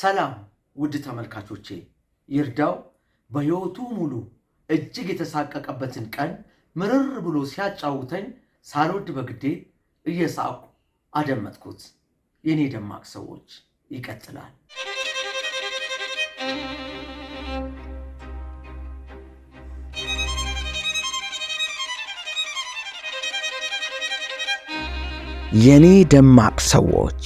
ሰላም ውድ ተመልካቾቼ። ይርዳው በሕይወቱ ሙሉ እጅግ የተሳቀቀበትን ቀን ምርር ብሎ ሲያጫውተኝ ሳልወድ በግዴ እየሳቁ አደመጥኩት። የኔ ደማቅ ሰዎች ይቀጥላል። የኔ ደማቅ ሰዎች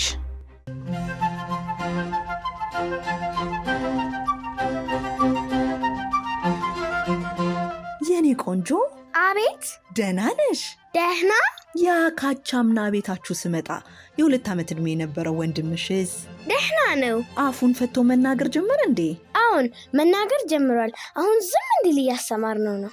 ቆንጆ። አቤት። ደህና ነሽ? ደህና። ያ ካቻምና ቤታችሁ ስመጣ የሁለት ዓመት ዕድሜ የነበረው ወንድምሽስ? ደህና ነው። አፉን ፈቶ መናገር ጀመረ እንዴ? አሁን መናገር ጀምሯል። አሁን ዝም እንዲል እያስተማር ነው ነው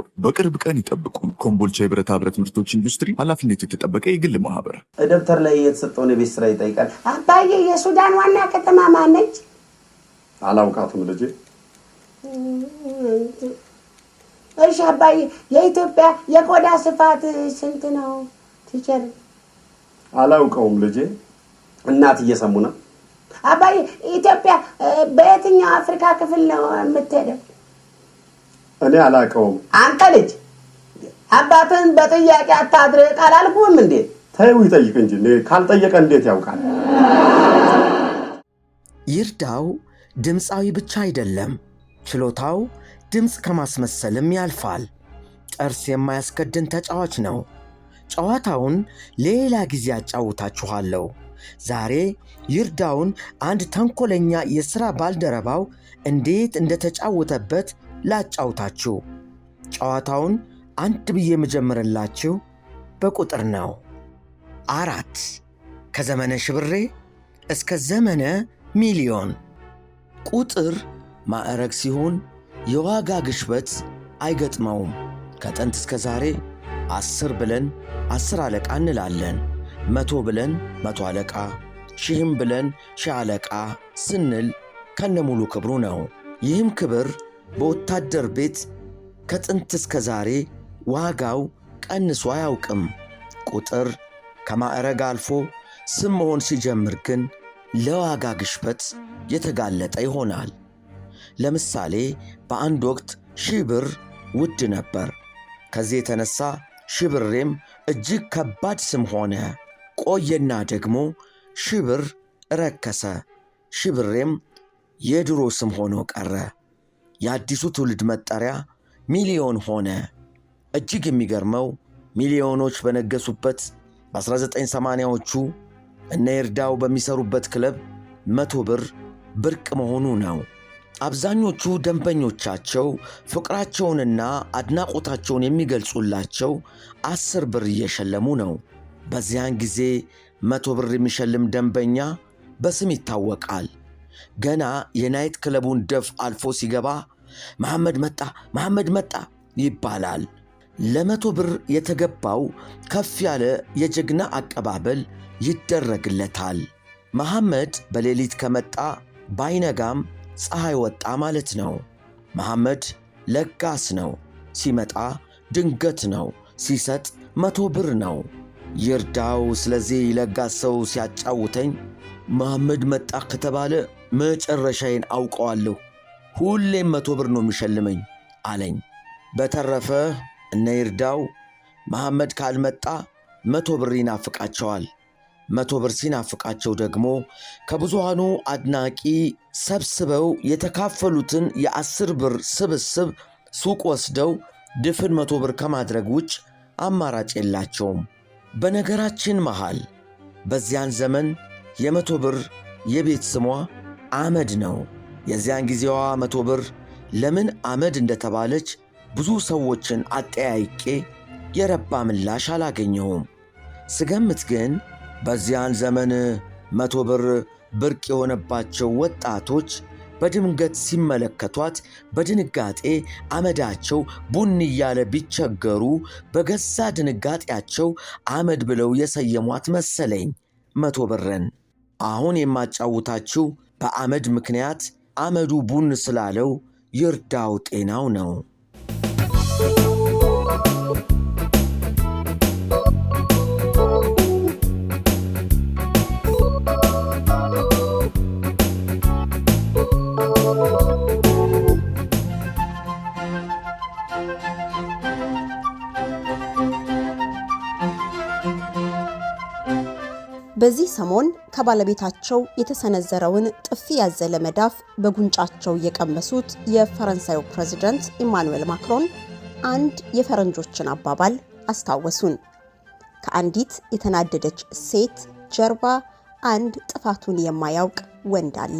ሞር በቅርብ ቀን ይጠብቁ። ኮምቦልቻ የብረታ ብረት ምርቶች ኢንዱስትሪ ኃላፊነቱ የተጠበቀ የግል ማህበር። ደብተር ላይ የተሰጠውን የቤት ስራ ይጠይቃል። አባዬ የሱዳን ዋና ከተማ ማነች? አላውቃትም ልጄ። እሺ አባዬ የኢትዮጵያ የቆዳ ስፋት ስንት ነው? ቲቸር አላውቀውም ልጄ። እናት እየሰሙ ነው። አባዬ ኢትዮጵያ በየትኛው አፍሪካ ክፍል ነው የምትሄደው? እኔ አላውቀውም። አንተ ልጅ አባትህን በጥያቄ አታድርቅ አላልኩም እንዴ? ተይው ይጠይቅ እንጂ ካልጠየቀ እንዴት ያውቃል? ይርዳው ድምፃዊ ብቻ አይደለም። ችሎታው ድምፅ ከማስመሰልም ያልፋል። ጥርስ የማያስከድን ተጫዋች ነው። ጨዋታውን ሌላ ጊዜ አጫውታችኋለሁ። ዛሬ ይርዳውን አንድ ተንኮለኛ የሥራ ባልደረባው እንዴት እንደተጫወተበት ላጫውታችሁ። ጨዋታውን አንድ ብዬ የምጀምርላችሁ በቁጥር ነው። አራት ከዘመነ ሽብሬ እስከ ዘመነ ሚሊዮን። ቁጥር ማዕረግ ሲሆን የዋጋ ግሽበት አይገጥመውም። ከጥንት እስከ ዛሬ አስር ብለን አስር አለቃ እንላለን። መቶ ብለን መቶ አለቃ፣ ሺህም ብለን ሺህ አለቃ ስንል ከነሙሉ ክብሩ ነው። ይህም ክብር በወታደር ቤት ከጥንት እስከ ዛሬ ዋጋው ቀንሶ አያውቅም። ቁጥር ከማዕረግ አልፎ ስም መሆን ሲጀምር ግን ለዋጋ ግሽበት የተጋለጠ ይሆናል። ለምሳሌ በአንድ ወቅት ሺህ ብር ውድ ነበር። ከዚህ የተነሳ ሽብሬም እጅግ ከባድ ስም ሆነ። ቆየና ደግሞ ሽብር ብር ረከሰ። ሽብሬም የድሮ ስም ሆኖ ቀረ። የአዲሱ ትውልድ መጠሪያ ሚሊዮን ሆነ። እጅግ የሚገርመው ሚሊዮኖች በነገሱበት በ1980ዎቹ እነ ይርዳው በሚሰሩበት ክለብ መቶ ብር ብርቅ መሆኑ ነው። አብዛኞቹ ደንበኞቻቸው ፍቅራቸውንና አድናቆታቸውን የሚገልጹላቸው አስር ብር እየሸለሙ ነው። በዚያን ጊዜ መቶ ብር የሚሸልም ደንበኛ በስም ይታወቃል። ገና የናይት ክለቡን ደፍ አልፎ ሲገባ መሐመድ መጣ፣ መሐመድ መጣ ይባላል። ለመቶ ብር የተገባው ከፍ ያለ የጀግና አቀባበል ይደረግለታል። መሐመድ በሌሊት ከመጣ ባይነጋም ፀሐይ ወጣ ማለት ነው። መሐመድ ለጋስ ነው። ሲመጣ ድንገት ነው፣ ሲሰጥ መቶ ብር ነው። ይርዳው። ስለዚህ ለጋስ ሰው ሲያጫውተኝ መሐመድ መጣ ከተባለ መጨረሻዬን አውቀዋለሁ። ሁሌም መቶ ብር ነው የሚሸልመኝ አለኝ። በተረፈ እነ ይርዳው መሐመድ ካልመጣ መቶ ብር ይናፍቃቸዋል። መቶ ብር ሲናፍቃቸው ደግሞ ከብዙሃኑ አድናቂ ሰብስበው የተካፈሉትን የአስር ብር ስብስብ ሱቅ ወስደው ድፍን መቶ ብር ከማድረግ ውጭ አማራጭ የላቸውም። በነገራችን መሃል በዚያን ዘመን የመቶ ብር የቤት ስሟ አመድ ነው። የዚያን ጊዜዋ መቶ ብር ለምን አመድ እንደተባለች ብዙ ሰዎችን አጠያይቄ የረባ ምላሽ አላገኘሁም። ስገምት ግን በዚያን ዘመን መቶ ብር ብርቅ የሆነባቸው ወጣቶች በድንገት ሲመለከቷት በድንጋጤ አመዳቸው ቡን እያለ ቢቸገሩ በገዛ ድንጋጤያቸው አመድ ብለው የሰየሟት መሰለኝ መቶ ብርን። አሁን የማጫውታችሁ በአመድ ምክንያት አመዱ ቡን ስላለው ይርዳው ጤናው ነው። በዚህ ሰሞን ከባለቤታቸው የተሰነዘረውን ጥፊ ያዘለ መዳፍ በጉንጫቸው የቀመሱት የፈረንሳዩ ፕሬዚደንት ኢማኑኤል ማክሮን አንድ የፈረንጆችን አባባል አስታወሱን። ከአንዲት የተናደደች ሴት ጀርባ አንድ ጥፋቱን የማያውቅ ወንድ አለ።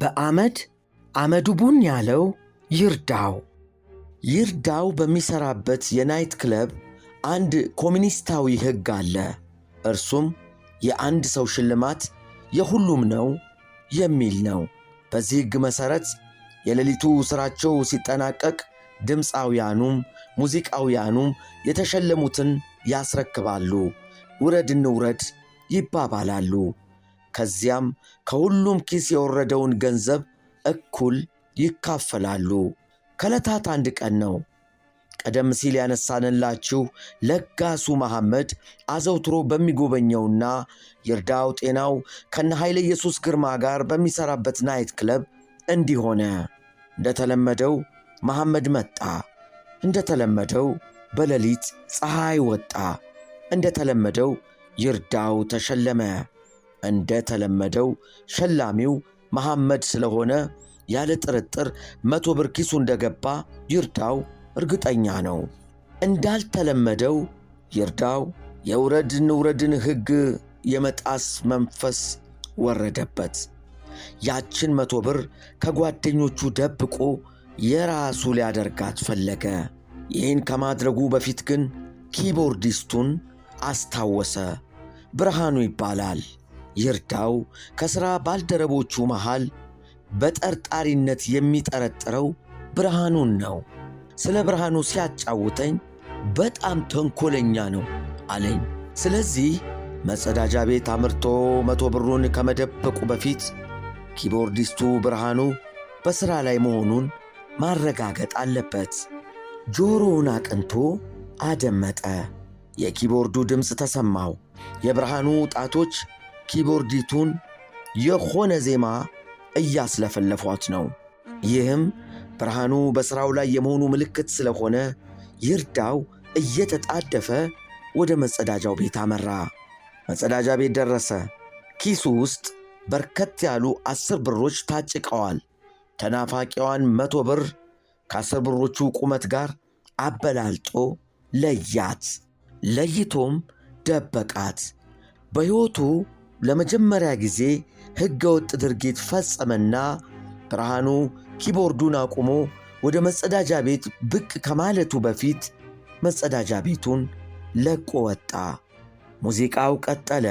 በአመድ አመዱ ቡን ያለው ይርዳው ይርዳው በሚሰራበት የናይት ክለብ አንድ ኮሚኒስታዊ ሕግ አለ። እርሱም የአንድ ሰው ሽልማት የሁሉም ነው የሚል ነው። በዚህ ሕግ መሠረት የሌሊቱ ሥራቸው ሲጠናቀቅ ድምፃውያኑም ሙዚቃውያኑም የተሸለሙትን ያስረክባሉ። ውረድ እንውረድ ይባባላሉ። ከዚያም ከሁሉም ኪስ የወረደውን ገንዘብ እኩል ይካፈላሉ። ከዕለታት አንድ ቀን ነው። ቀደም ሲል ያነሳንላችሁ ለጋሱ መሐመድ አዘውትሮ በሚጎበኘውና ይርዳው ጤናው ከነ ኃይለ ኢየሱስ ግርማ ጋር በሚሠራበት ናይት ክለብ እንዲሆነ እንደተለመደው መሐመድ መጣ። እንደተለመደው በሌሊት ፀሐይ ወጣ። እንደተለመደው ይርዳው ተሸለመ። እንደተለመደው ሸላሚው መሐመድ ስለሆነ ያለ ጥርጥር መቶ ብር ኪሱ እንደገባ ይርዳው እርግጠኛ ነው። እንዳልተለመደው ይርዳው የውረድን ውረድን ሕግ የመጣስ መንፈስ ወረደበት። ያችን መቶ ብር ከጓደኞቹ ደብቆ የራሱ ሊያደርጋት ፈለገ። ይህን ከማድረጉ በፊት ግን ኪቦርዲስቱን አስታወሰ። ብርሃኑ ይባላል። ይርዳው። ከሥራ ባልደረቦቹ መሃል በጠርጣሪነት የሚጠረጥረው ብርሃኑን ነው። ስለ ብርሃኑ ሲያጫውተኝ በጣም ተንኮለኛ ነው አለኝ። ስለዚህ መጸዳጃ ቤት አምርቶ መቶ ብሩን ከመደበቁ በፊት ኪቦርዲስቱ ብርሃኑ በሥራ ላይ መሆኑን ማረጋገጥ አለበት። ጆሮውን አቅንቶ አደመጠ። የኪቦርዱ ድምፅ ተሰማው። የብርሃኑ ጣቶች ኪቦርዲቱን የሆነ ዜማ እያስለፈለፏት ነው። ይህም ብርሃኑ በሥራው ላይ የመሆኑ ምልክት ስለሆነ ይርዳው እየተጣደፈ ወደ መጸዳጃው ቤት አመራ። መጸዳጃ ቤት ደረሰ። ኪሱ ውስጥ በርከት ያሉ አስር ብሮች ታጭቀዋል። ተናፋቂዋን መቶ ብር ከአስር ብሮቹ ቁመት ጋር አበላልጦ ለያት። ለይቶም ደበቃት። በሕይወቱ ለመጀመሪያ ጊዜ ሕገወጥ ድርጊት ፈጸመና ብርሃኑ ኪቦርዱን አቁሞ ወደ መጸዳጃ ቤት ብቅ ከማለቱ በፊት መጸዳጃ ቤቱን ለቆ ወጣ። ሙዚቃው ቀጠለ።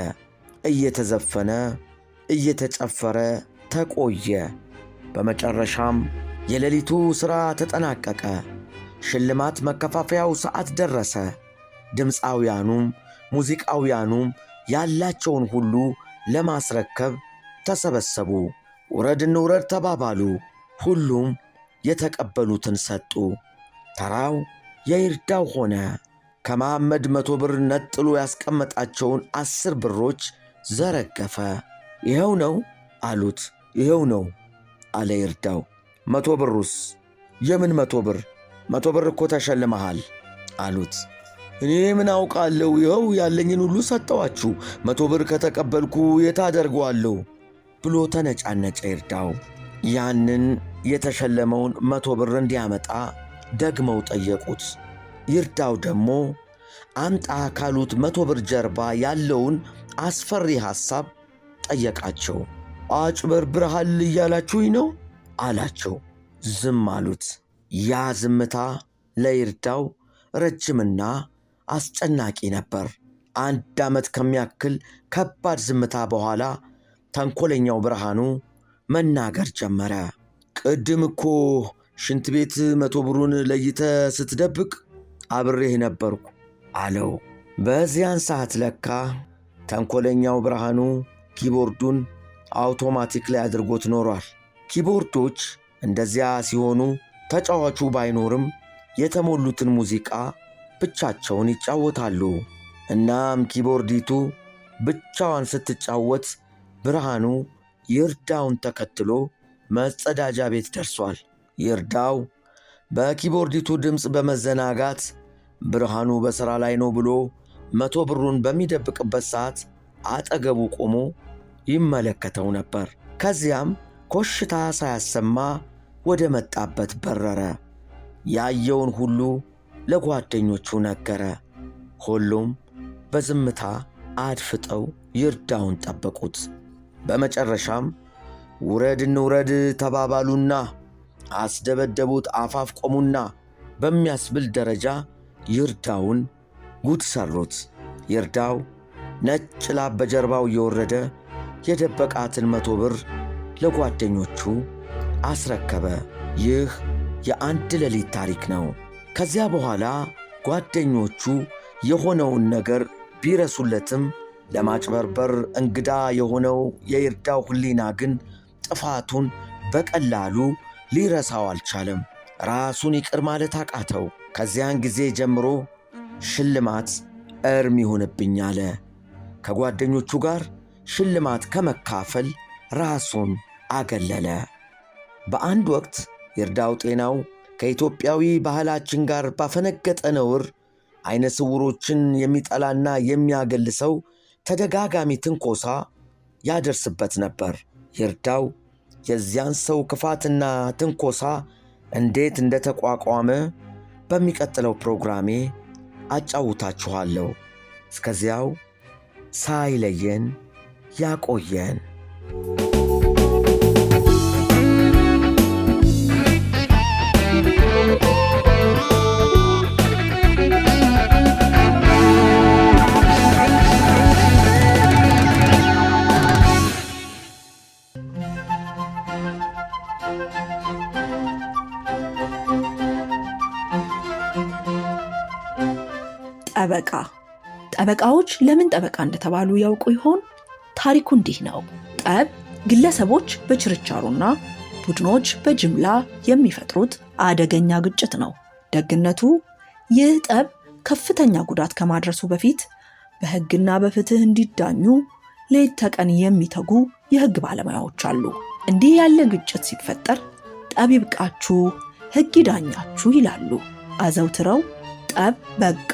እየተዘፈነ እየተጨፈረ ተቆየ። በመጨረሻም የሌሊቱ ሥራ ተጠናቀቀ። ሽልማት መከፋፈያው ሰዓት ደረሰ። ድምፃውያኑም ሙዚቃውያኑም ያላቸውን ሁሉ ለማስረከብ ተሰበሰቡ። ውረድ እንውረድ ተባባሉ። ሁሉም የተቀበሉትን ሰጡ። ተራው የይርዳው ሆነ። ከመሐመድ መቶ ብር ነጥሎ ያስቀመጣቸውን አስር ብሮች ዘረገፈ። ይኸው ነው አሉት። ይኸው ነው አለ ይርዳው። መቶ ብሩስ? የምን መቶ ብር? መቶ ብር እኮ ተሸልመሃል አሉት። እኔ ምን አውቃለሁ? ይኸው ያለኝን ሁሉ ሰጠዋችሁ። መቶ ብር ከተቀበልኩ የታደርገዋለሁ ብሎ ተነጫነጨ ይርዳው። ያንን የተሸለመውን መቶ ብር እንዲያመጣ ደግመው ጠየቁት። ይርዳው ደግሞ አምጣ ካሉት መቶ ብር ጀርባ ያለውን አስፈሪ ሐሳብ ጠየቃቸው። አጭበርብረሃል እያላችሁኝ ነው አላቸው። ዝም አሉት። ያ ዝምታ ለይርዳው ረጅምና አስጨናቂ ነበር። አንድ ዓመት ከሚያክል ከባድ ዝምታ በኋላ ተንኮለኛው ብርሃኑ መናገር ጀመረ። ቅድም እኮ ሽንት ቤት መቶ ብሩን ለይተ ስትደብቅ አብሬህ ነበርኩ አለው። በዚያን ሰዓት ለካ ተንኮለኛው ብርሃኑ ኪቦርዱን አውቶማቲክ ላይ አድርጎት ኖሯል። ኪቦርዶች እንደዚያ ሲሆኑ ተጫዋቹ ባይኖርም የተሞሉትን ሙዚቃ ብቻቸውን ይጫወታሉ። እናም ኪቦርዲቱ ብቻዋን ስትጫወት ብርሃኑ ይርዳውን ተከትሎ መጸዳጃ ቤት ደርሷል። ይርዳው በኪቦርዲቱ ድምፅ በመዘናጋት ብርሃኑ በሥራ ላይ ነው ብሎ መቶ ብሩን በሚደብቅበት ሰዓት አጠገቡ ቆሞ ይመለከተው ነበር። ከዚያም ኮሽታ ሳያሰማ ወደ መጣበት በረረ። ያየውን ሁሉ ለጓደኞቹ ነገረ። ሁሉም በዝምታ አድፍጠው ይርዳውን ጠበቁት። በመጨረሻም ውረድ እንውረድ ተባባሉና አስደበደቡት አፋፍ ቆሙና በሚያስብል ደረጃ ይርዳውን ጉድ ሰሩት። ይርዳው ነጭ ላብ በጀርባው እየወረደ የደበቃትን መቶ ብር ለጓደኞቹ አስረከበ። ይህ የአንድ ሌሊት ታሪክ ነው። ከዚያ በኋላ ጓደኞቹ የሆነውን ነገር ቢረሱለትም ለማጭበርበር እንግዳ የሆነው የይርዳው ሕሊና ግን ጥፋቱን በቀላሉ ሊረሳው አልቻለም። ራሱን ይቅር ማለት አቃተው። ከዚያን ጊዜ ጀምሮ ሽልማት እርም ይሆንብኝ አለ። ከጓደኞቹ ጋር ሽልማት ከመካፈል ራሱን አገለለ። በአንድ ወቅት ይርዳው ጤናው ከኢትዮጵያዊ ባህላችን ጋር ባፈነገጠ ነውር አይነ ስውሮችን የሚጠላና የሚያገል ሰው ተደጋጋሚ ትንኮሳ ያደርስበት ነበር። ይርዳው የዚያን ሰው ክፋትና ትንኮሳ እንዴት እንደተቋቋመ በሚቀጥለው ፕሮግራሜ አጫውታችኋለሁ። እስከዚያው ሳይለየን ያቆየን። ጠበቃ ጠበቃዎች ለምን ጠበቃ እንደተባሉ ያውቁ ይሆን? ታሪኩ እንዲህ ነው። ጠብ ግለሰቦች በችርቻሮና ቡድኖች በጅምላ የሚፈጥሩት አደገኛ ግጭት ነው። ደግነቱ ይህ ጠብ ከፍተኛ ጉዳት ከማድረሱ በፊት በሕግና በፍትህ እንዲዳኙ ሌት ተቀን የሚተጉ የሕግ ባለሙያዎች አሉ። እንዲህ ያለ ግጭት ሲፈጠር ጠብ ይብቃችሁ፣ ሕግ ይዳኛችሁ ይላሉ። አዘውትረው ጠብ በቃ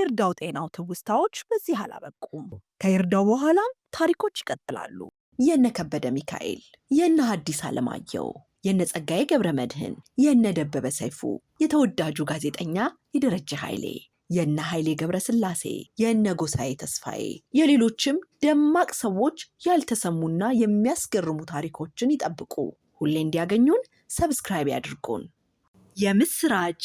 የይርዳው ጤናው ትውስታዎች በዚህ አላበቁም። ከይርዳው በኋላም ታሪኮች ይቀጥላሉ። የነ ከበደ ሚካኤል፣ የነ ሐዲስ ዓለማየሁ፣ የነ ጸጋዬ ገብረ መድህን፣ የነ ደበበ ሰይፉ፣ የተወዳጁ ጋዜጠኛ የደረጀ ኃይሌ፣ የነ ኃይሌ ገብረ ስላሴ፣ የነ ጎሳዬ ተስፋዬ፣ የሌሎችም ደማቅ ሰዎች ያልተሰሙና የሚያስገርሙ ታሪኮችን ይጠብቁ። ሁሌ እንዲያገኙን ሰብስክራይብ ያድርጉን። የምስራች